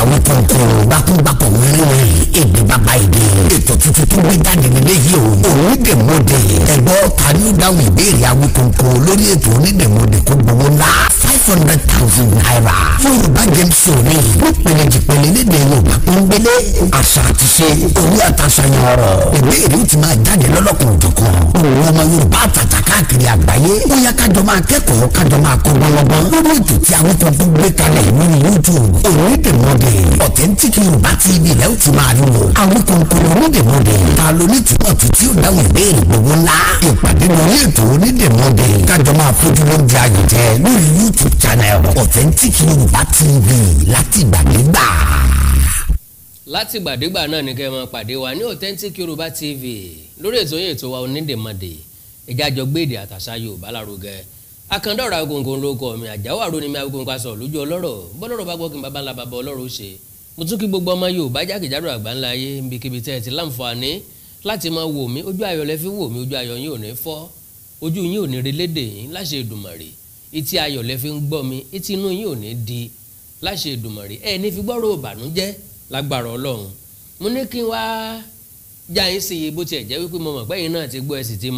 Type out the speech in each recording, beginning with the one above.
àwọn kòkòrò bákúbakọ̀ mẹ́rin èdè bàbá èdè ètò tuntun tó gbé jáde nílé yìí o onídèmọdè ẹgbọ́ tani ó dáhùn ìbéèrè àwọn kòkòrò lórí ètò onídèmọdè kó gbowó ńlá five hundred thousand naira yorùbá james sori nípele jìpele lédè yorùbá pọ́nbélé àṣà àtiṣe orí àtàṣàyàn ọ̀rọ̀ ìbéèrè ó ti máa jáde lọ́lọ́ máa kẹ́kọ̀ọ́ kájọ máa kọ́ gbọ́nlọ́gbọ́n lórí ètò tí àwọn tó tó gbé kalẹ̀ lórí youtube òní dèmọ́dè authentic yorùbá tv lẹ́ o ti máa lò àwọn kòkòrò òní dèmọ́dè ta ló ní tìmọ̀ tó tí dáhùn ìbéèrè gbogbo ńlá ìpàdé lórí ètò òní dèmọ́dè kájọ máa fojú ló ń di ayò jẹ lórí youtube channel authentic yorùbá tv látìgbàdégbà látìgbàdégbà náà ni kẹ́ ẹ máa pàdé wa ní authentic yorùbá tv lórí ètò yẹn ètò wa onídèmọdè ìjájọ gbèdè àtàṣà yorùbá lárugẹ akandọ́ra agogo ńlọkọ mi àjáwá ro ni mi agogo nǹkan sọ lójú ọlọ́rọ̀ bọ́lọ́rọ̀ bá gbọ́ kí n bàbá ńlá bàbá ọlọ́rọ̀ ó ṣe mo tún kí gbogbo ọmọ Yorùbá jákèjádò àgbáńlá ayé níbikíbi tẹ́ ẹ ti láǹfààní láti máa wò mí ojú ayọ̀ lẹ fi wò mí ojú ayọ̀ yín ò ní fọ́ ojú yín ò ní rí léde yín láṣẹ Èdùmàrè etí ayọ̀ lẹ fi ń gbọ́ mi etí inú yín ò ní di láṣẹ Èdùmàrè ẹ ní fi gbọ́rọ̀ ìbànújẹ́ lágbára Ọlọ́run mo ní kí n wá já yín sí iye bó tiẹ̀ jẹ́ wípé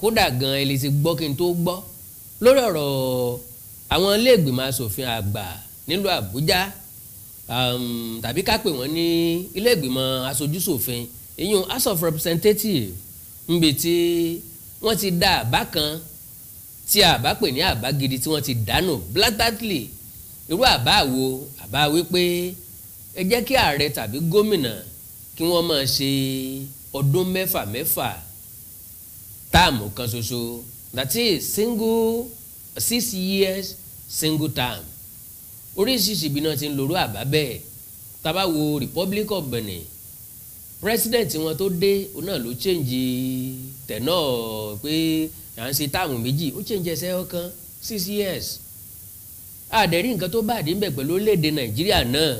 kódà gan ẹ lè ti gbọ́ kí n tó gbọ́ lórí ọ̀rọ̀ àwọn iléègbìmọ̀ asòfin àgbà nílùú Àbújá um, tàbí ká pè wọ́n ní iléègbìmọ̀ asojúṣòfin ìyún House of Representatives níbi tí wọ́n ti dá àbá kan tí àbá pè ní àbá gidi tí wọ́n ti dànù blatantly irú àbá wo àbá wípé ẹ jẹ́ kí ààrẹ tàbí gómìnà kí wọ́n máa ṣe ọdún mẹ́fà mẹ́fà táàmù kan ṣoṣo that is single six years single term oríṣiríṣi ibi náà ti ń lòrú àbá bẹ́ẹ̀ tá wo Republic of Benin president wọn tó dé òun náà ló change tẹ̀ náà pé à ń ṣe táàmù méjì ó change ẹsẹ̀ ọ̀kan six years àdẹ̀rí nǹkan tó bá àdínbẹ̀ pẹ̀lú orílẹ̀-èdè Nàìjíríà náà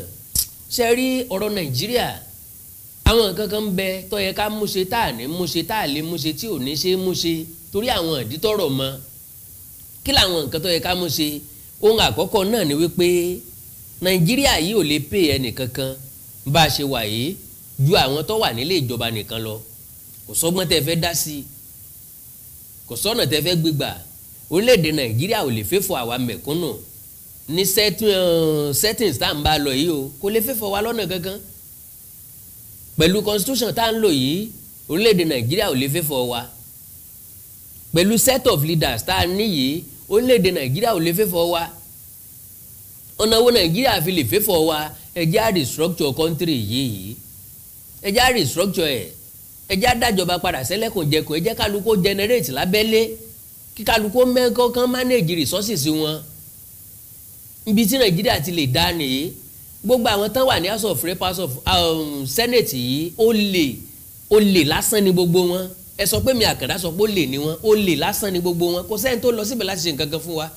ṣe rí ọ̀rọ̀ Nàìjíríà àwọn nǹkan kan ń bẹ tó yẹ ká múṣe tá à ní múṣe tá à lè múṣe tí ò ní ṣe múṣe torí àwọn ìdí tọrọ mọ kí làwọn nǹkan tó yẹ ká mú ṣe ohun àkọ́kọ́ náà ni wípé nàìjíríà yìí ò lè pè ẹnìkankan bá a ṣe wà yìí ju àwọn tó wà nílé ìjọba nìkan lọ kò sọ́gbọ́n tẹ́ fẹ́ dá sí i kò sọ́nà tẹ́ fẹ́ gbígbà orílẹ̀-èdè nàìjíríà ò lè fẹ́ fọ àwa mẹ̀kúnnù ní eh, settings tá à ń bá lọ yìí o kò lè fẹ́ fọ wa lọ́nà kankan pẹ̀lú constitution tá à ń lò yìí orílẹ̀-èdè nàìjíríà ò lè fẹ́ fọ wa pẹ̀lú set of leaders tá a níyì orílẹ̀-èdè nàìjíríà ò lè fẹ́fọ́ wa ọ̀nà wo nàìjíríà fi lè fẹ́fọ́ wa ẹjẹ́ á restructure country yìí ẹjẹ́ á restructure ẹ̀ ẹjẹ́ á dájọba padà sẹ́lẹ̀kùnjẹkùn ẹjẹ́ kálukó generate lábẹ́lé kí kálukó mẹ́kọ́ kan manage resources wọn ibi tí nàìjíríà ti lè dá nìyí gbogbo àwọn tán wà ní house of rep of um, senate yìí ó lè ó lè lásán ni gbogbo wọn ẹ sọ pé mi àkàndá sọ pé ó lè ní wọn ó lè lásán ni gbogbo wọn kò sẹ́ni tó lọ síbẹ̀ láti ṣe nǹkan kan fún wa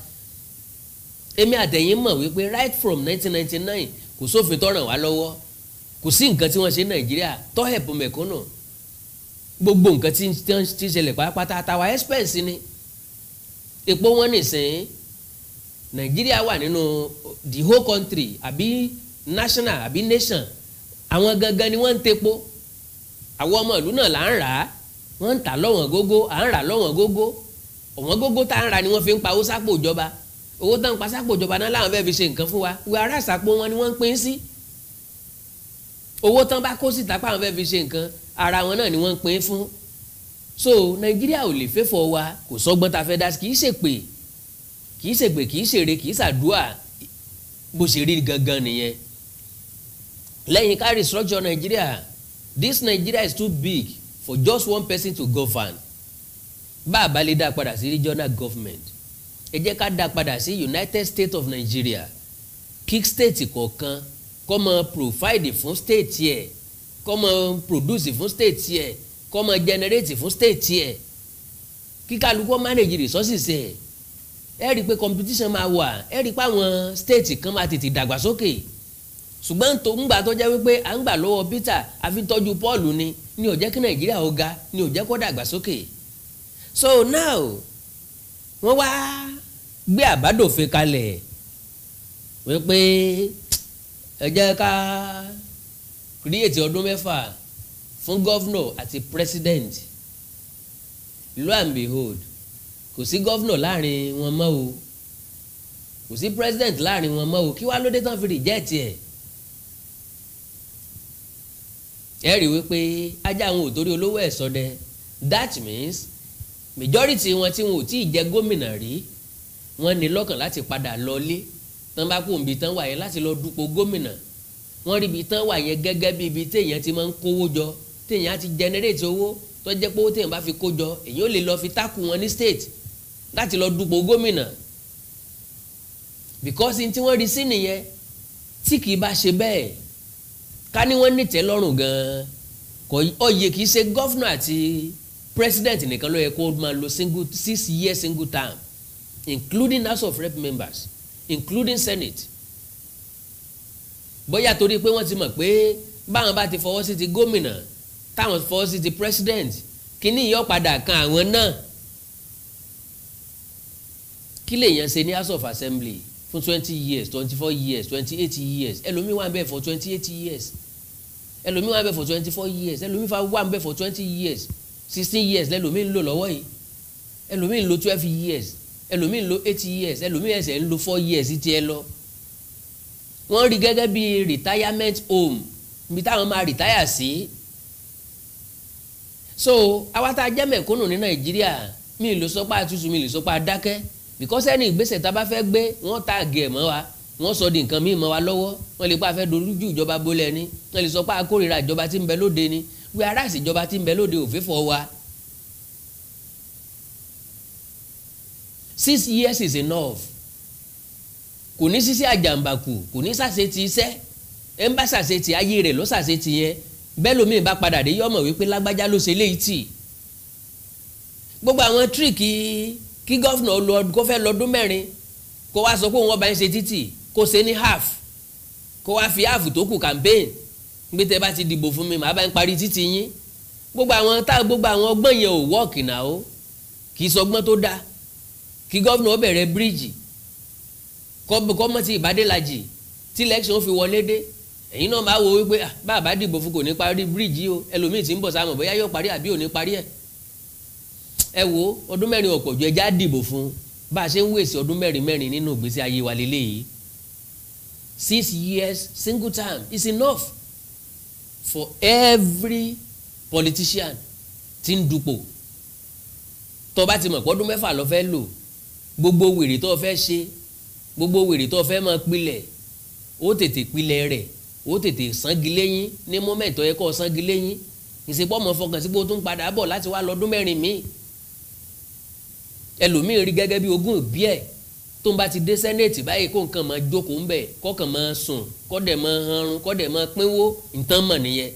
èmi àtẹ̀yìn mọ̀ wípé right from 1999 kò sófin tó ràn wá lọ́wọ́ kò sí nǹkan tí wọ́n ṣe nàìjíríà tó help mẹ̀kúnnù gbogbo nǹkan tí ń ṣẹlẹ̀ pátápátá àtàwà expense ni epo wọn nìsín nàìjíríà wà nínú the whole country àbí national àbí nation àwọn gangan ni wọ́n ń tepo àwọn ọmọ ìlú náà là ń rà á wọ́n ń tà lọ́wọ́n gógó à ń rà lọ́wọ́n gógó ọ̀wọ́n gógó tá à ń rà ni wọ́n fi ń pa owó sápò ìjọba owó tá à ń pa sápò ìjọba náà làwọn fẹ́ẹ́ fi ṣe nǹkan fún wa ìwé ará ìsàpò wọn ni wọ́n ń pín sí owó tán bá kó síta pa àwọn fi ṣe nǹkan ara wọn náà ni wọ́n ń pín fún so nàìjíríà ò lè fẹ́fọ̀ wa kò sọ́gbọ́n tá a fẹ́ dá kì í ṣèpè kì í ṣèpè kì í ṣèrè kì í ṣàdúà bó ṣe rí gangan nìyẹn lẹ́yìn ká restructure nàìjíríà this Nigeria is too big for just one person to govern bá a bá lè dá padà sí regional government ẹ jẹ́ ká dá padà sí United States of Nigeria kick state kọ̀ọ̀kan kó máa provide fún state yẹ kó máa produce fún state yẹ kó máa generate fún state yẹ kí kálukú manage resources ẹ ẹ rí i pé competition máa wà ẹ rí i pé àwọn state kan máa tètè dàgbàsókè. Okay ṣùgbọ́n tó ń gbà tó jẹ́ wípé à ń gbà lọ́wọ́ Peter àfi Paul ni ni ò jẹ́ kí Nàìjíríà ó ga ni ò jẹ́ kó dàgbàsókè so now wọ́n wá gbé àbádòfin kalẹ̀ wípé ẹ jẹ́ ká kírìyètì ọdún mẹ́fà fún gọ́vnọ̀ àti president lo and behold kò sí gọ́vnọ̀ láàrin wọn mọ́ o kò sí president láàrin wọn mọ́ o kí wàá lóde tán fi rìjẹ́ẹ̀tì ẹ̀ ẹ rí wípé ajá àwọn ò torí olówó ẹ̀ sọdẹ that means majority wọn tí wọn ò tí ì jẹ gómìnà rí wọn ní lọ́kàn láti padà lọlé tán bá kó nbí tán wà yẹn láti lọ dúpọ̀ gómìnà wọn rí ibi tán wà yẹn gẹ́gẹ́ bí ibi téèyàn ti máa ń kówó jọ téèyàn á ti generate owó tó jẹ́ pé owó téèyàn bá fi kó jọ èyí ó lè lọ fi tákù wọn ní state láti lọ dúpọ̀ gómìnà because n tí wọ́n rí sí nìyẹn tí kì í bá ṣe bẹ́ẹ̀ ká ní wọ́n nìtẹ́ lọ́rùn gan-an kò oyè kì í ṣe gọ́fúnà àti president nìkan ló yẹ kó máa lo single six years, single term including house of rep members including senate bóyá torí pé wọ́n ti mọ̀ pé báwọn bá ti fọwọ́ sí ti gómìnà táwọn fọwọ́ sí ti president kíní yọ padà kan àwọn náà kí lèèyàn ṣe ní house of assembly fún twenty years twenty four years twenty eight years ẹlòmíì wà ń for twenty eight years ẹlòmíì wà ń for twenty four years ẹlòmíì wà ń bẹ̀ for twenty years sixteen years lẹ́lòmíì ń lò lọ́wọ́ yìí ẹlòmíì ń lo twelve years ẹlòmíì ń lo eight years ẹlòmíì ẹsẹ̀ ń lo four years tiẹ̀ lọ wọ́n rí gẹ́gẹ́ bí retirement home ibi táwọn máa retire sí so àwa tá a jẹ́ mẹ̀kúnnù ní Nàìjíríà mi ì lè sọ pé àtúntò mi ì lè sọ pé because ẹni ìgbésẹ̀ tá a bá fẹ́ gbé wọ́n tààgì ẹ̀ mọ́ wa wọ́n sọ di nǹkan míì mọ́ wa lọ́wọ́ wọ́n lè pa afẹ́ dolójú ìjọba bólẹ̀ ni wọ́n lè sọ pé akórira ìjọba tí ń bẹ lóde ni wí ará ìsìnjọba tí ń bẹ lóde òfin fọ wa. six years is enough kò ní sísí àjàǹbàkù kò ní sàṣetì iṣẹ́ ẹ ń bá sàṣetì ayé rẹ̀ ló sàṣetì yẹn bẹ́ẹ̀ lómi ìbá padà dé yọmọ wípé lágbájá ló ṣe léyìí tì gbogbo àwọn tíríkì kí gọ́fìnà lọ kó fẹ́ lọ́dún mẹ́rin kó wá sọ pé òun ọba ń ṣe títì kó ṣe ní half kó wá fi half tó kù campaign gbé tẹ bá ti dìbò fún mi màá bá ń parí títì yín gbogbo àwọn tá gbogbo àwọn ọgbọ́n yẹn ò wọ́ọ̀kì náà o kì í sọgbọ́n tó dáa kí gọ́fìnà ó bẹ̀rẹ̀ bíríìjì kọ́mọ ìbádélajì tí election fi wọlé dé ẹ̀yin náà máa wo wípé ah, bá a dìbò fún kò ní parí bíríìjì o ẹlòmíì ti ń bọ̀ sáà mọ̀ bóyá yóò parí àbí ò ní parí ẹ̀ ẹ wo ọdún mẹ́rin ọ̀pọ̀ ju ẹja dìbò fún bá a ṣe ń wèsì ọdún mẹ́rin mẹ́rin nínú ìgbésí ayé wa lélẹ́yìí six years single time is enough for every politician tí ń dupò tó bá ti mọ̀ pé ọdún mẹ́fà ló fẹ́ lò gbogbo wèrè tó fẹ́ ṣe gbogbo wèrè tó fẹ́ máa pilẹ̀ ó tètè pilẹ̀ rẹ̀ ó tètè sangi lẹ́yìn ní mọ́mẹ́ntì tó yẹ kó sangi lẹ́yìn ìsepọ̀ mọ́ fọkàn sí pé ó tún padà bọ̀ láti wá lọ́dún mẹ́rin míì ẹlòmíì rí gẹ́gẹ́ bí ogún òbí ẹ̀ tó ń bá ti dé sẹ́nẹ̀tì báyìí kó nǹkan máa jókòó ń bẹ̀ kọ́kàn máa sùn kọ́dẹ̀ máa hanrun kọ́dẹ̀ máa pínwó nǹkan mọ̀ nìyẹn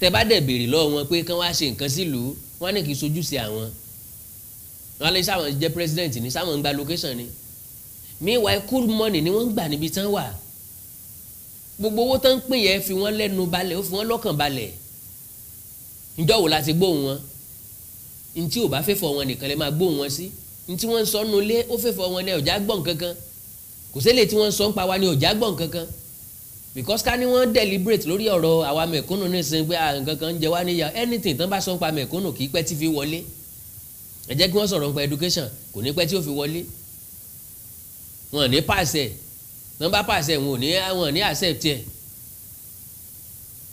tẹ́ bá dẹ̀ béèrè lọ́wọ́ wọn pé kán wá ṣe nǹkan sílùú wọn ní kì í sojú sí àwọn wọn lè sáwọn jẹ́ president ní sáwọn ń gba location ni meanwhile cool money ni wọ́n ń gbà níbi tán wà gbogbo owó tán ń pín yẹn fi wọ́n lẹ́nu balẹ̀ ó fi wọ́n lọ́kàn balẹ̀ ǹjọ́ wo la ti gbóhùn wọn ntí ò bá fẹ́ fọ wọn nìkan lẹ máa gbóhùn wọn sí ntí wọ́n ń sọ nínú ilé ó fẹ́ fọ wọn ní ọ̀já gbọ̀n kankan kò sẹ́lẹ̀ tí wọ́n ń sọ ń pa wa ní ọ̀já gbọ̀n kankan because ká ní wọ́n deliberate lórí ọ̀rọ̀ àwa mẹ̀kúnnù ní ìsìn pé nǹkan kan ń jẹ wá níyà anything tán bá sọ ń pa mẹ̀kúnnù kì í pẹ́ tí fi wọlé ẹ jẹ́ kí wọ́n sọ̀rọ̀ nípa education kò ní pẹ́ tí ó fi wọlé wọn ní pàṣẹ wọn bá pàṣẹ wọn ò ní wọn ní accept ẹ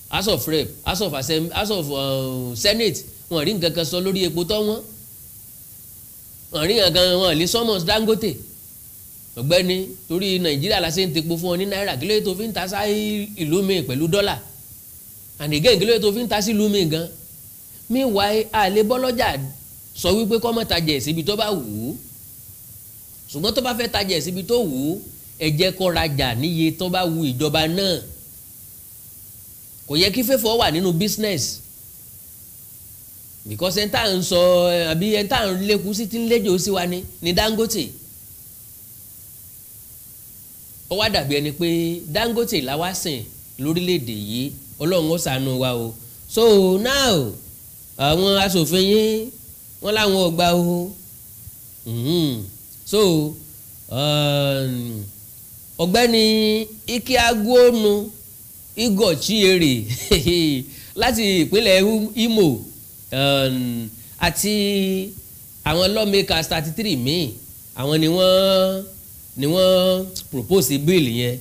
as of rep as of assembly as of uh, senate wọn rí nǹkan kan sọ lórí epo tọ́ wọn wọn rí nǹkan kan wọn lè sọmọ Dangote ọ̀gbẹ́ni torí Nàìjíríà la ṣe ń tepo fún ọ ní náírà kí ló yẹ tó fi ń ta sá ìlú mi pẹ̀lú dọ́là and again kí ló yẹ tó fi ń ta sí ìlú mi gan meanwhile àlè bọ́lọ́jà sọ wípé kọ́ mọ́ tajà ẹ̀ síbi tó bá wù ú ṣùgbọ́n tó bá fẹ́ tajà ẹ̀ síbi tó wù ú ẹ jẹ́ níye tó bá wù ìjọba náà kò yẹ kí fẹ́fọ́ wà nínú business because ẹni tá à ń sọ àbí ẹni tá à ń lékun sí ti ń léjò sí wa ni ni Dangote ó wá dàbí ẹni pé Dangote làwa sìn lórílẹ̀‐èdè yìí ọlọ́run ó ṣàánú wa o so now àwọn asòfin yín wọ́n láwọn ò gbà o mm-hmm. so um, ọ̀gbẹ́ni Ikpeagwonu Igor Chiere láti ìpínlẹ̀ Imo. Um, àti àwọn lawmakers thirty three míì àwọn ni wọ́n ni wọ́n propose bill yẹn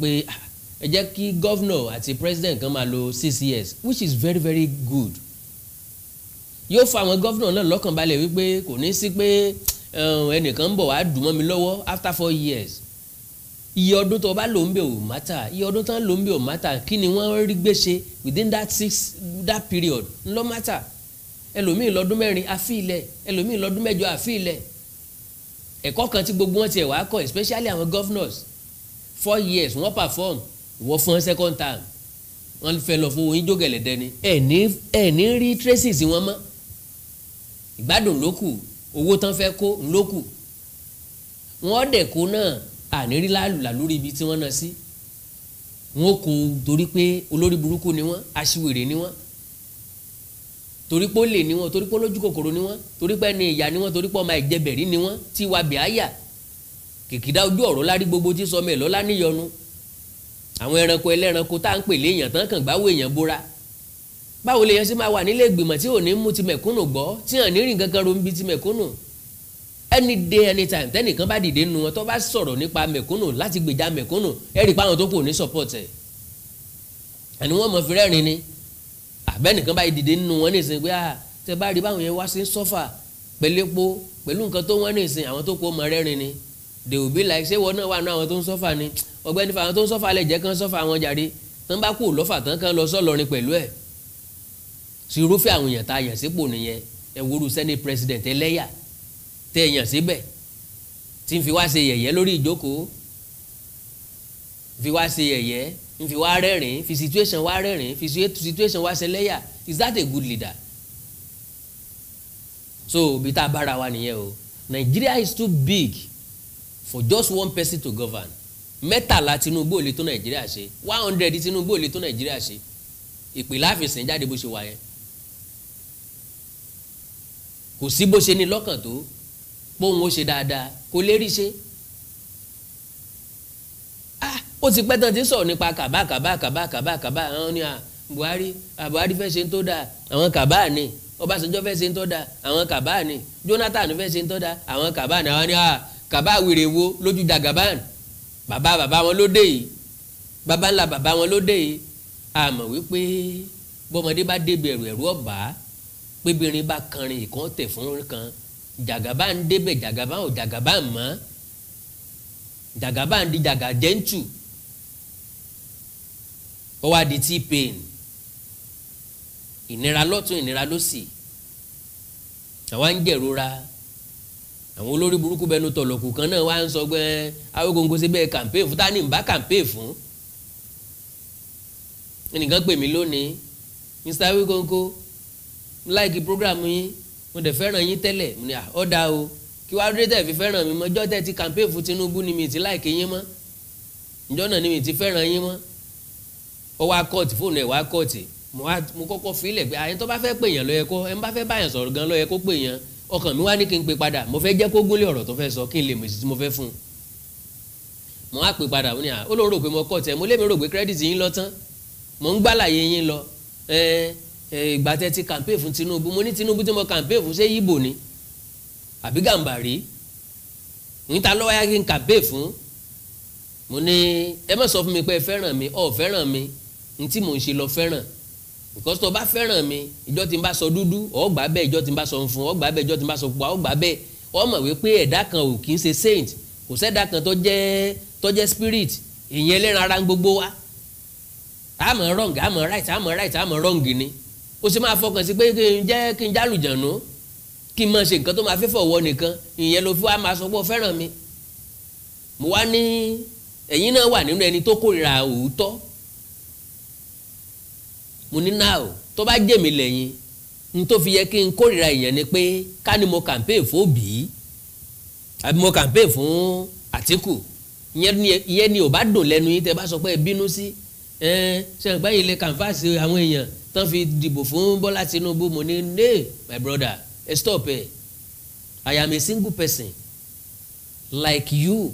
pé ah, ẹ jẹ́ kí governor àti president kan máa lo six years which is very very good yóò fa àwọn governor náà lọ́kànbalẹ̀ wípé kò ní sí pé um, ẹnìkan ń bọ̀ wá dùn mọ́ mi lọ́wọ́ after four years iye ọdún tó bá lò ń bẹ̀ ò mátà iye ọdún tó ń lò ń bẹ̀ ò mátà kí ni wọ́n rí gbèsè within that six that period ńlọ mátà ẹlòmíì lọ́dún mẹ́rin àfi ilẹ̀ ẹlòmíì lọ́dún mẹ́jọ àfi ilẹ̀ ẹ̀kọ́ kan tí gbogbo wọn ti ẹ̀ wá kọ́ especially àwọn governors four years wọ́n perform wọ́n fún second term wọ́n fẹ́ lọ fún oyin jógẹ̀lẹ̀ dẹni ẹ̀ ní ẹ̀ ní rí traces wọn mọ́ ìgbádùn ló kù owó tán fẹ́ kó ló kù wọ́n dẹ̀ kó náà ànírí lálùlà lórí ibi tí wọ́n náà sí wọ́n kó torí pé olórí burúkú ni wọ́n aṣiwèrè ni wọ́n torí pé ó lè ní wọn torí pé olójú kòkòrò ní wọn torí pé ẹni ìyá ní wọn torí pé ọmọ ìjẹbẹ̀rí ní wọn tí wa bẹ̀ áyà kìkìdá ojú ọ̀rọ̀ lárí gbogbo tí sọmọ ẹ̀ lọ́lá níyọnu àwọn ẹranko ẹlẹ́ranko tá à ń pè léèyàn tán kàn gbáwó èèyàn bora báwo lèèyàn ṣe máa wà nílé ìgbìmọ̀ tí ò ní mú ti mẹ̀kúnnù gbọ́ tí hàn ní rìn kankan rombi ti mẹ̀kúnnù any day any time tẹ́nìkan bá dìde nu wọn tó bá sọ̀rọ̀ nípa mẹ̀kúnnù láti gbèjà mẹ̀kúnnù ẹ̀rí pa àwọn tó kù ní support ẹ̀ wọ́n mọ̀ fi rẹ́rìn ni àbẹ́nìkan báyìí dìde nínú wọn ní ìsìn pé à ah, tẹ bá rí báwọn yẹn wá sí sọ́fà pẹ̀lú epo pẹ̀lú nǹkan tó wọ́n ní àwọn tó kó ọmọ ni they will be like ṣé wọn náà wà ní àwọn tó ń sọ́fà ni ọgbẹ́ni fa àwọn tó ń sọ́fà lẹ̀ jẹ́ kán sọ́fà àwọn jàre tán bá kú lọ́fà tán kán lọ sọ́lọ́rin pẹ̀lú ẹ̀ sí irúfẹ́ àwọn èèyàn tá a yàn sípò nìyẹn ẹ wúru senate president ẹlẹ́yà tẹ èèyàn síbẹ̀ tí ń fi wá ṣe yẹ̀yẹ́ lórí ìjókòó fi wá ṣe yẹ̀yẹ́ n fi wá rẹ́rìn fi situation wá rẹ́rìn fi situation wá ṣẹlẹ́yà is that a good leader so bí tá a bára wa nìyẹn o Nigeria is too big for just one person to govern mẹ́tàlá Tinubu ò lè tó Nàìjíríà ṣe one hundred Tinubu ò lè tó Nàìjíríà ṣe ìpè láfẹsẹ̀ jáde bó ṣe wà yẹn kò sí bó ṣe ní lọ́kàn tó pé ó ṣe dáadáa kò lè rí ṣe ó ti pẹ́ tán ti sọ̀rọ̀ nípa kàbá kàbá kàbá kàbá kàbá àwọn ni Buhari Buhari fẹ́ ṣe ń tó dáa àwọn kàbá ni Ọbásanjọ́ fẹ́ ṣe ń tó dáa àwọn kàbá ni Jonathan fẹ́ ṣe ń tó dáa àwọn kàbá ni àwọn ni kàbá wèrè wo lójú Jagaban bàbá bàbá wọn ló dé yìí bàbá ńlá bàbá wọn ló dé yìí àmọ́ wípé bọ́mọdé bá débi ẹ̀rù ẹ̀rù ọ̀bá pébirin bá kanrin ìkan tẹ̀ fún kan jàgàbá ń débẹ̀ jàgàbá ò jàgàbá mọ́ jàgàbá di jàgà ó wá di tí pain ìnira lọ́tún ìnira lọ́sì àwa ń jẹ̀rora àwọn olórí burúkú bẹnu tọ̀lọ̀kù kan náà wá ń sọ pé Awikonko ṣe bẹ́ẹ̀ campaign fún tani ń bá campaign fún ẹnìkan pè mí lónìí Mr. Awikonko láìkí program yín mo dẹ̀ fẹ́ràn yín tẹ́lẹ̀ mo ní à ọ́ da o kí wàá dúró tẹ̀ fi fẹ́ràn mi mọ́ ọjọ́ tẹ̀ ti campaign fún Tinubu ni mi ti láìkí yín mọ́ ǹjọ́ náà ni mi ti fẹ́ràn yín mọ́ ó wá kọ́ọ̀tì fóònù ẹ̀ wá kọ́ọ̀tì mo kọ́kọ́ filẹ̀ pé àyẹn tó bá fẹ́ pè yàn lọ́yẹ kó ẹni bá fẹ́ báyàn sọ̀rọ̀ gan lọ́yẹ kó pè yàn ọkàn mi wá ní kí n pè padà mo fẹ́ jẹ́ kó gúnlé ọ̀rọ̀ tó fẹ́ sọ kí n lè mèsì tí mo fẹ́ fún un mo á pè padà ó ní à ó lóun rò pé mo kọ́ọ̀tì ẹ̀ mo lé mi rò pé kírẹ́dìtì yín lọ tán mo ń gbàlàyé yín lọ ìgbà tẹ́ ti campaign fún Tinubu mo ní Tinubu tí mo campaign fún ṣé yíbo ni àbí Gàmbàrí níta lọ́wọ́ yá kí n campaign fún mo ní ẹ má sọ fún mi pé ẹ fẹ́ràn mi ọ̀ fẹ́ràn mi n tí mò ń ṣe lọ fẹ́ràn because tó bá fẹ́ràn mi ìjọ́ tí n bá sọ dúdú ó gbà bẹ́ẹ̀ ìjọ́ tí n bá sọ funfun ó bẹ́ẹ̀ ìjọ́ tí n bá sọ pupa ó bẹ́ẹ̀ ó mọ̀ wípé ẹ̀dá kan ò kì í ṣe saint kò sẹ́dá kan tó jẹ́ tó jẹ́ spirit ìyẹn lẹ́ran ara gbogbo wa àmọ́ wrong àmọ́ right àmọ́ right àmọ́ wrong ni ó sì máa fọkàn sí pé kí n jẹ́ kí n jálùjànú kí n máa ṣe nǹkan tó máa fẹ́ fọwọ́ nìkan ìyẹn ló fi wá máa sọ pé ó fẹ́ràn mi mo wá ní ẹ̀yin náà wà nínú ẹni tó kórìíra òótọ́ mo ní náà o tó bá jèmi lẹ́yìn n tó fi yẹ kí n kórìíra èèyàn ni pé ká ní mo campaign fún Obi àbí mo campaign fún Àtíkù ìyẹn ni ò bá dùn lẹ́nu yín tẹ́ bá sọ pé ẹ bínú sí ẹ ṣe àgbá yìí lè kàǹfàṣì àwọn èèyàn tán fi dìbò fún Bọ́lá Tinubu mo ní ne my brother ẹ stop ẹ I am a single person like you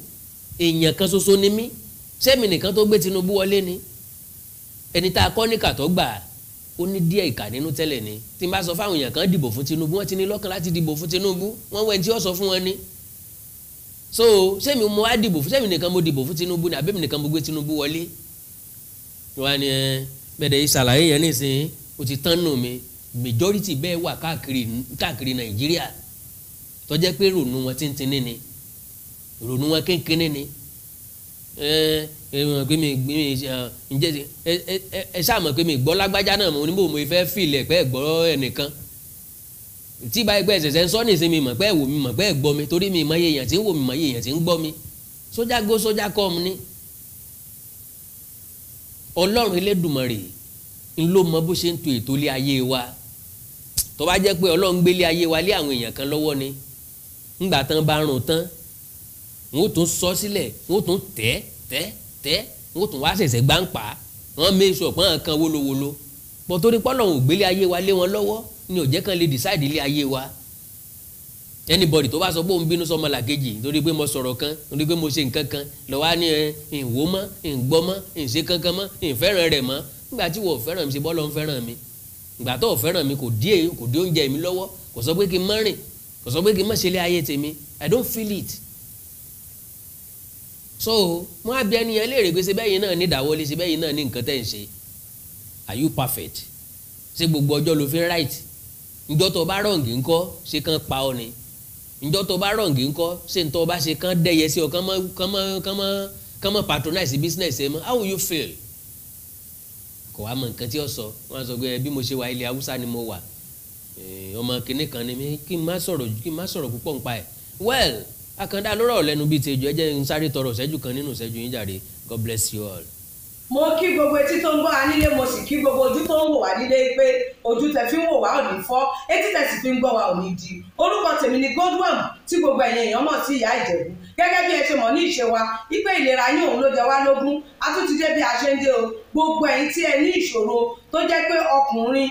èèyàn kan ṣoṣo ni mí ṣé mi nìkan tó gbé Tinubu wọlé ni ẹni tá a kọ́ ní kàtọ́ gbà ó ní díẹ̀ ìkà nínú tẹ́lẹ̀ ni tí n bá sọ fáwọn èèyàn kan dìbò fún Tinubu wọ́n ti ní lọ́kàn láti dìbò fún Tinubu wọ́n wẹ́n tí ó sọ fún wọn ni so sẹ́mi mo wá dìbò sẹ́mi nìkan mo dìbò fún Tinubu ni àbẹ́mi nìkan mo gbé Tinubu wọlé wọ́n ni ẹ bẹ̀rẹ̀ ìṣàlàyé yẹn nísìnyí o ti tán nù mi majority bẹ́ẹ̀ wà káàkiri káàkiri Nàìjíríà tó jẹ́ pé rònú wọn tíntín ní ni rònú wọn kéńkéń ni mọ̀ pé mi mi ǹjẹ́ ẹ ṣáà mọ̀ pé mi gbọ́ lágbájá náà mo ní bò mo fẹ́ fìlẹ̀ pé gbọ́ ẹnìkan tí báyìí pé ẹ̀sẹ̀sẹ̀ ń sọ ní ìsinmi mọ̀ pé ẹ̀wò mi mọ̀ pé ẹ̀gbọ́ mi torí mi mọ̀ yéèyàn tí ń wò mi mọ̀ yéèyàn tí ń gbọ́ mi sójà go sójà kọ́ mi ní. ọlọ́run elédùmarè ń ló mọ bó ṣe ń to ètò ilé ayé wa tó bá jẹ́ pé ọlọ́run gbélé ayé wa lé àwọn èèyàn kan lọ́wọ́ ni ńgbà tán bá rùn tán wọ́n tún sọ sílẹ̀ wọ́n tún tẹ́ tẹ́ tẹ́ wọ́n tún wá ṣẹ̀ṣẹ̀ gbáǹpá wọ́n méṣọ pọ́n kan wolowolo pọ̀ torí pọ́lọ́hún ògbélé ayé wa lé wọn lọ́wọ́ ni òjẹ́ kan lè decide ilé ayé wa anybody tó bá sọ pé òun bínú sọmọ làkejì torí pé mo sọ̀rọ̀ kan torí pé mo ṣe nǹkan kan lọ́wọ́ á ní ẹ ìwò mọ́ ìgbọ́ mọ́ ìṣe kankan mọ́ ìfẹ́ràn rẹ̀ mọ́ nígbà tí wọ́n fẹ́ràn mi ṣe bọ́ọ̀lù ń fẹ́ràn mi ìgbà tó fẹ́ràn mi kò dí èyí kò dí oúnjẹ mi lọ́wọ́ kò sọ pé kí n mọ́ rìn kò sọ pé kí n mọ́ ṣe ilé ayé tèmi I don't feel it so wọn á bí ẹni yẹn léèrè pé ṣe bẹ́yìn náà ní ìdáwọlé ṣe bẹ́yìn náà ní nǹkan tẹ̀ ń ṣe are you perfect ṣe gbogbo ọjọ́ ló fi ń right ǹjọ́ tó bá rọ̀ǹgì ńkọ́ ṣe kàn pa ọ ni ǹjọ́ tó bá rọ̀ǹgì ńkọ́ ṣe ń tọ́ bá ṣe kàn dẹ́yẹ sí ọ kàn mọ́ kàn mọ́ kàn mọ́ kàn mọ́ patronize business ẹ mọ́ how will you feel kò wá mọ nǹkan tí ó sọ wọn á sọ pé bí mo ṣe wà ilẹ̀ haúsá ni mo wà ọmọ kìnnìkan ni mi kí n má sọ̀rọ̀ kí n má sọ̀rọ̀ púpọ̀ nípa ẹ̀ well akanda ló lẹ́nu bíi tèjọ́ ẹ jẹ́ n sáré tọrọ ṣẹ́jú kan nínú ṣẹ́jú yín jàre God bless you all. mo kí gbogbo etí tó ń gbọ́ wa nílé mo sì kí gbogbo ojú tó ń wò wá nílé pé ojú tẹ fi ń wò wá ò ní fọ́ etí tẹ sì fi ń gbọ́ wa ò ní di orúkọ tèmi ni Godwin tí gbogbo ẹ̀yin èèyàn mọ̀ sí ìyá Ìjẹ̀bú gẹ́gẹ́ bí ẹ ṣe mọ̀ ní ìṣe wa wípé ìlera yín òun ló jẹ wá lógún a tún ti dé bí a ṣe ń dé o gbogbo ẹ̀yin tí ẹ ní ìṣòro tó jẹ́ pé ọkùnrin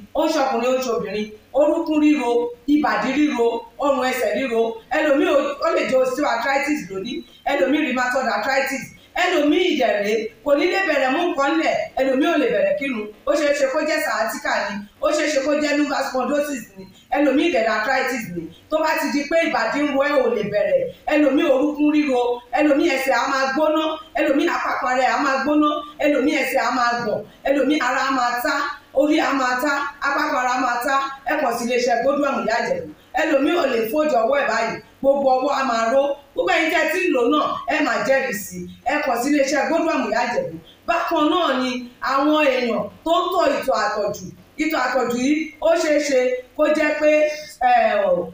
ó ń ṣọkùnrin ó ń ṣobìnrin orúnkún ríro ìbàdí ríro ọrùn ẹsẹ̀ ríro ẹlòmíì ó lè jẹ́ osteoarthritis lónìí ẹlòmíì rheumatoid arthritis ẹlòmíì ìdẹ̀rẹ̀ kò ní lè bẹ̀rẹ̀ mú nǹkan lẹ̀ ẹlòmíì ò lè bẹ̀rẹ̀ kírun ó ṣeé ṣe kó jẹ́ sciatica ni ó ṣeé ṣe kó jẹ́ lumbar spondylosis ni ẹlòmíì ìdẹ̀rẹ̀ arthritis ni tó bá ti di pé ìbàdí ń wọ ẹ̀ ò lè bẹ̀rẹ̀ ẹlòmíì orúnkún ríro ẹlòmíì ẹsẹ̀ á máa gbóná ẹlòmíì àpapọ̀ rẹ̀ á máa gbóná ẹlòmíì ẹsẹ̀ á máa gbọ̀n ẹlòmíì ara á máa tá orí a máa ta apákọ̀ọ́ra máa ta ẹ pọ̀ sí iléeṣẹ́ Godwin Ìyá Ìjẹ̀bú ẹlòmíì ò lè fojú ọwọ́ ẹ̀ báyìí gbogbo ọwọ́ a máa ró gbogbo ẹ̀yin tẹ́ ẹ ti ń lò náà ẹ máa jẹ́rìí sí ẹ pọ̀ sí iléeṣẹ́ Godwin Ìyá Ìjẹ̀bú bákan náà ni àwọn èèyàn tó ń tọ̀ ìtọ̀ àtọ̀jù ìtọ̀ àtọ̀jù yìí ó ṣeé ṣe kó jẹ́ pé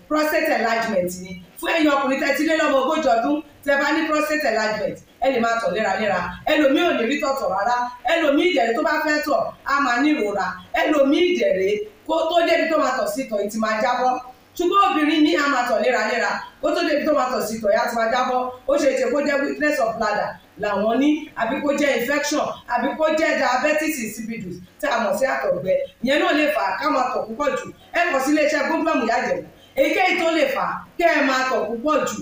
prostate enlargement ni fún ẹ̀yin ọkùnrin tẹ́tílélọ́mọ ogójì ọdún tẹ́ bá ní prostate enlargement ẹ lè máa tọ̀ léraléra ẹlòmíì ò ní rí tọ̀tọ̀ rárá ẹlòmíì ìjẹ̀rẹ̀ tó bá fẹ́ tọ̀ á máa ní ìrora ẹlòmíì ìjẹ̀rẹ̀ kó tó débi tó máa tọ̀ sí tọ̀ ìtì máa jábọ́ ṣùgbọ́n obìnrin ní a máa tọ̀ léraléra kó tó débi tó máa tọ̀ sí tọ̀ ìyá ti máa jábọ́ ó ṣe é ṣe kó jẹ́ weakness of bladder làwọn ní àbí kó jẹ́ infection àbí kó jẹ́ diabetes insipidus tí a mọ̀ sí àtọ̀gbẹ ìyẹn náà lè fà á ká máa tọ̀ púpọ̀ jù ẹ kàn sí iléeṣẹ́ gómìnà ìyá ìjẹ̀bù èyíkéyìí tó lè fà á kẹ́ ẹ máa tọ̀ púpọ̀ jù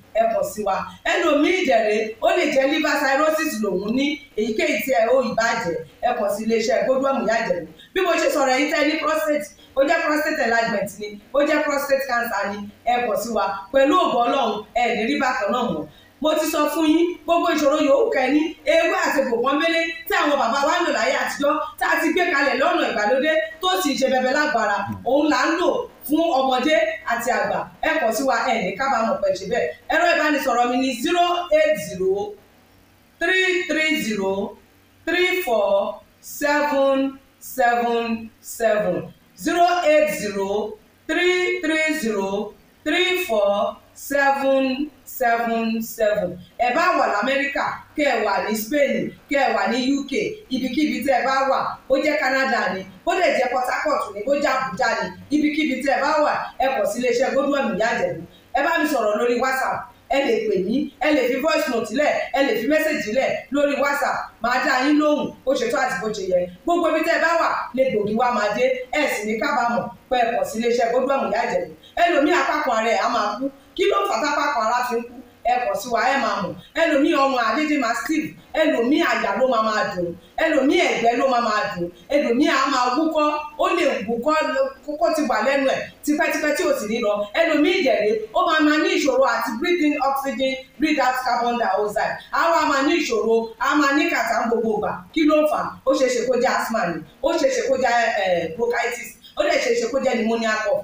ẹ kàn sí wa ẹlòmíì ìdẹ̀rẹ̀ ó lè jẹ́ liver cirrhosis lòun ní èyíkéyìí tí ẹ ó ìbàjẹ́ ẹ kàn sí iléeṣẹ́ gbódúọ̀mù ìyá bí mo ṣe sọ̀rọ̀ yìí tẹ́ ní prostate ó jẹ́ prostate enlargement ni ó jẹ́ prostate cancer ni ẹ kàn sí wa pẹ̀lú ògbó ọlọ́run ẹ ní rí bákan náà mọ́ mo ti sọ fún yín gbogbo ìṣòro yòówù kẹ́ni ewé àti gbòǹkan mélé tí àwọn bàbá wa ń lò láyé àtijọ́ tá a ti gbé kalẹ̀ lọ́nà ìgbàlódé tó sì ṣe bẹbẹ lágbára òun là ń lò fún ọmọdé àti àgbà ẹ kàn sí wa ẹ ní kábàámọ̀ pẹ̀ ṣe bẹ́ẹ̀ ẹ̀rọ ìbánisọ̀rọ̀ mi ní zero eight zero three three zero three four seven seven seven zero eight zero three three zero three four seven seven seven ẹ bá wà lamẹ́ríkà kẹ́ ẹ wà ní spain kẹ́ ẹ wà ní uk ibikíbi tẹ́ ẹ bá wà bó jẹ́ canada ni bó dẹ̀ jẹ́ port harcourt ni bó jẹ́ abuja ni ibikíbi tẹ́ ẹ bá wà ẹ kọ̀ sí iléeṣẹ́ godwin ìyájẹ̀bù ẹ bá mi sọ̀rọ̀ lórí whatsapp ẹ lè pè mí ẹ lè fi voice note lẹ̀ ẹ lè fi message lẹ̀ lórí whatsapp máa dá yín lóhùn bó ṣe tó àti bó ṣe yẹ gbogbo ibi tẹ́ ẹ bá wà lè gbòógì wá máa dé ẹ sì ní kábàámọ̀ pé ẹ kọ̀ sí iléeṣẹ́ godwin ìyájẹ̀bù ẹlòmíì apákan ara ẹ̀ á máa kú kí ló fà tápákọ̀ ara fi ń kú ẹ kọ̀ sí wa ẹ máa mọ̀ ẹlòmíì ọmọ àdédé máa steve ẹlòmíì àyà ló máa máa dùn ẹlòmíì ẹ̀gbẹ́ ló máa máa dùn ẹlòmíì á máa wúkọ́ ó lè wúkọ́ kókó ti wà lẹ́nu ẹ̀ tipẹ́tipẹ́ tí ò sì ní lọ ẹlòmíì ìjẹ̀lẹ̀ ó máa máa ní ìṣòro àti breathe in oxygen breathe out carbon dioxide á wá máa ní ìṣòro á máa ní kàtà gbogbo ìgbà kí ló fà ó ṣeéṣe kó jẹ́ asthma ni ó ṣeéṣe kó jẹ́ bronchitis ó dẹ̀ ṣeéṣe kó jẹ́ pneumonia cough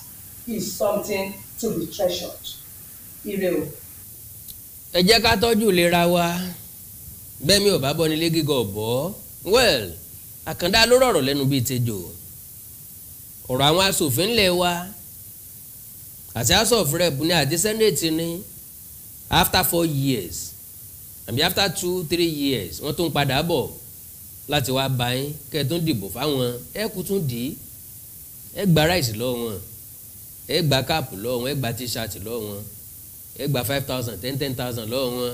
is something to be treasured. Ire o. Ẹ jẹ́ ká tọ́jú ìlera wa bẹ́ẹ̀ mi ò bá bọ́ nílé gíga ọ̀bọ well àkàndá ló rọ̀rọ̀ lẹ́nu bíi tejò ọ̀rọ̀ àwọn asòfin ńlẹ̀ wa àti house of rep ni àti senate ni after four years àbí after two three years wọ́n tún padà bọ̀ láti wá bá yín kẹ́ ẹ tún dìbò fáwọn ẹ kú tún dì í ẹ gba ráìsì lọ́wọ́ wọn ẹ gba káàpù lọ́wọ́ ẹ gba tíṣàtì lọ́wọ́ ẹ gba five thousand ten ten thousand lọ́wọ́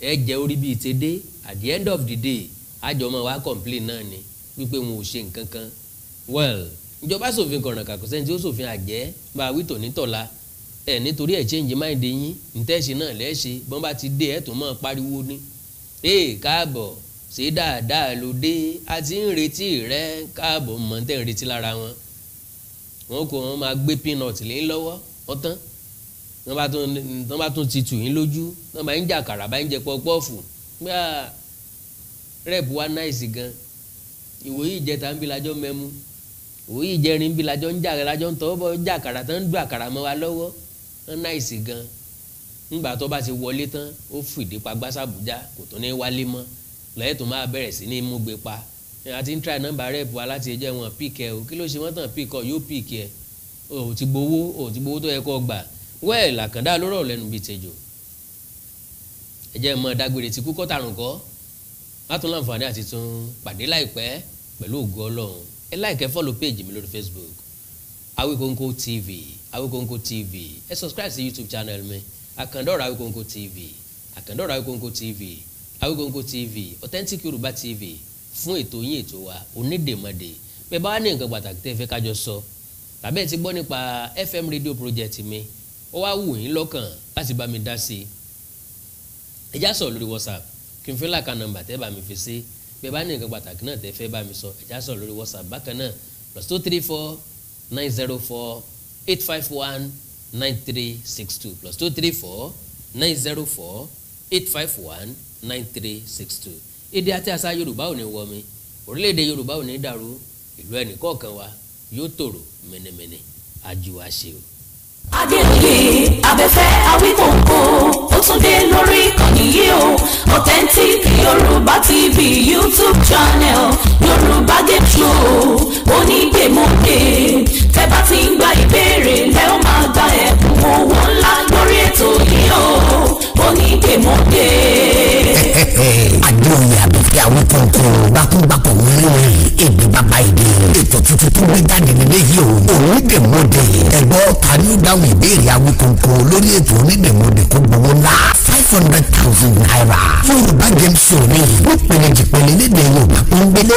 ẹ jẹ́ orí bíi tẹ́dẹ́ at the end of the day àjọmọ́ wa complain náà ni wípé wọn ò ṣe nǹkan kan well ìjọba ṣòfin kọ̀ọ̀nà kàkọ́sẹ́ tí ó ṣòfin àjẹ́ bá a wí tònítọ̀la ẹ nítorí ẹ change mind yín ntẹ́sí náà lẹ́ẹ̀ṣe bọ́n bá ti dé ẹ tó máa pariwo ní. ee káàbọ̀ ṣe dáadáa ló dé a ti ń retí rẹ káàbọ̀ mọ̀ ń tẹ́ ń retí lára wọn wọn kò wọn máa gbé peanut lé lọ́wọ́ ọ̀tán wọ́n bá tún ti tù yín lójú wọ́n bá ń jà kàrà bá ń jẹ pọ́pọ́ọ̀fù gbé à rẹ́ẹ̀pù wa náìsì gan ìwòyí ìjẹta ń mẹ́mu ìwòyí ìjẹrin ń bí ń jà ń tọ́ bọ́ jà kàrà tán gan ńgbà bá ti wọlé tán ó fìdí pa kò ní wálé mọ́ tó máa bẹ̀rẹ̀ sí pa àti ń try nọ́mbà rẹ̀ wá láti ẹjọ́ wọn píkẹ o kí ló ṣe wọ́n tàn píkọ yóò píkẹ o ti gbowó o ti gbowó tó yẹ kó gbà wẹ́ẹ̀ làkàndá ló lẹ́nu bíi tẹ̀jọ́ ẹ̀jẹ̀ mọ́ dágbére ti kú kọ́ tàrùn kọ́ látún láǹfààní àti tún pàdé láìpẹ́ pẹ̀lú ògo ọlọ́run ẹ like ẹ follow page mi lórí Facebook Awikonko TV Awikonko TV ẹ subscribe sí YouTube channel mi Àkàndá Ọ̀rọ̀ Awikonko TV Àkàndá Ọ̀rọ̀ Awikonko TV Awikonko TV Authentic Yorùbá TV fún ètò yín ètò wa onídèmọdè bẹ́ẹ̀ bá wà ní nǹkan pàtàkì tẹ́ fẹ́ kájọ sọ tàbí ẹ ti gbọ́ nípa FM radio project mi ó wá wù yín lọ́kàn láti bá mi dá sí i ẹ já sọ lórí WhatsApp kí n fi làkà nọ́mbà tẹ́ bá mi fi sí bẹ́ẹ̀ bá ní nǹkan pàtàkì náà tẹ́ fẹ́ bá mi sọ ẹ já sọ lórí WhatsApp bákan náà plus two three four nine zero four eight five one nine three six two plus two three four nine zero four eight five one nine three six two èdè àti àṣà yorùbá ò ní wọmi orílẹ̀-èdè yorùbá ò ní dàrú ìlú ẹnìkọ̀ọ̀kan wa yóò tòrò mẹ́nẹ́mẹ́nẹ́ ajiwa ṣe o. adédìgbé abẹ́fẹ́ awíkòǹkò ó tún dé lórí ìkànnì yìí o authentic yorùbá tv youtube channel yorùbá game show onígbèmọdé tẹ́ bá ti ń gba ìbéèrè lẹ ó máa gba ẹ̀bùn owó ńlá lórí ètò yìí o onígbèmọdé. àdéhùn àbíkẹ́ àwọn tuntun bákúbákú mílíọ̀nù èdè bàbá èdè ètò tuntun tó gbé jáde nílé yìí o onígbèmọdé ẹ̀gbọ́n ta ní dáhùn ìbéèrè àwọn tuntun lórí ètò onígbèmọdé kó gbowó ńlá five hundred thousand naira. Yorùbá Games Show ni nípele jìpele léde Yorùbá pọ́nbélé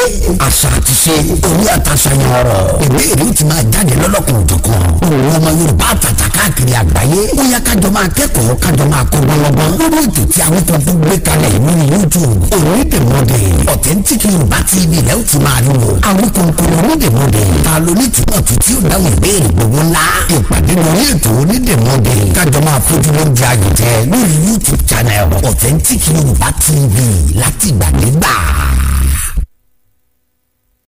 àṣà àti ṣe orí àtàṣàyàn ọ̀rọ̀. Ìbéèrè ó ti máa jáde lọ́lọ́kùn òjọ̀kan. Òun ọmọ Yorùbá àtàtà káàkiri àgbáyé. Ó yá kájọ máa kẹ́kọ̀ọ́ kájọ máa kọ́ gbọ́lọ́gbọ́n. Lórí ètò tí àwọn tó tó gbé kalẹ̀ lórí YouTube. Òun ní dèmọ́dè. Authentic Yorùbá TV lẹ́ ó ti máa rí wo. Àwọn kòkòrò ní dèmọ́dè. Ta ló ní tìmọ̀ tí tí ó dáhùn ìbéèrè gbogbo ńlá. Ìpàdé lórí ètò onídèmọ́dè. Kájọ máa fojú lóúnjẹ àgùntẹ lórí YouTube channel authentic yorùbá tv látìgbàdégbà.